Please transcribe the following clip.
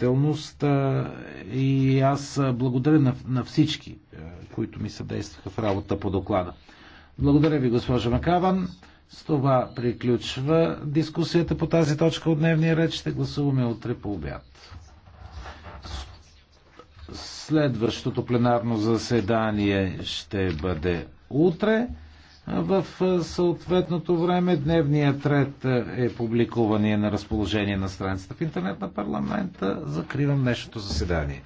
действителност и аз благодаря на, на всички, които ми съдействаха в работа по доклада. Благодаря ви, госпожа Макаван. С това приключва дискусията по тази точка от дневния ред. Ще гласуваме утре по обяд. Следващото пленарно заседание ще бъде утре в съответното време. Дневният ред е публикуван е на разположение на страницата в интернет на парламента. Закривам днешното заседание.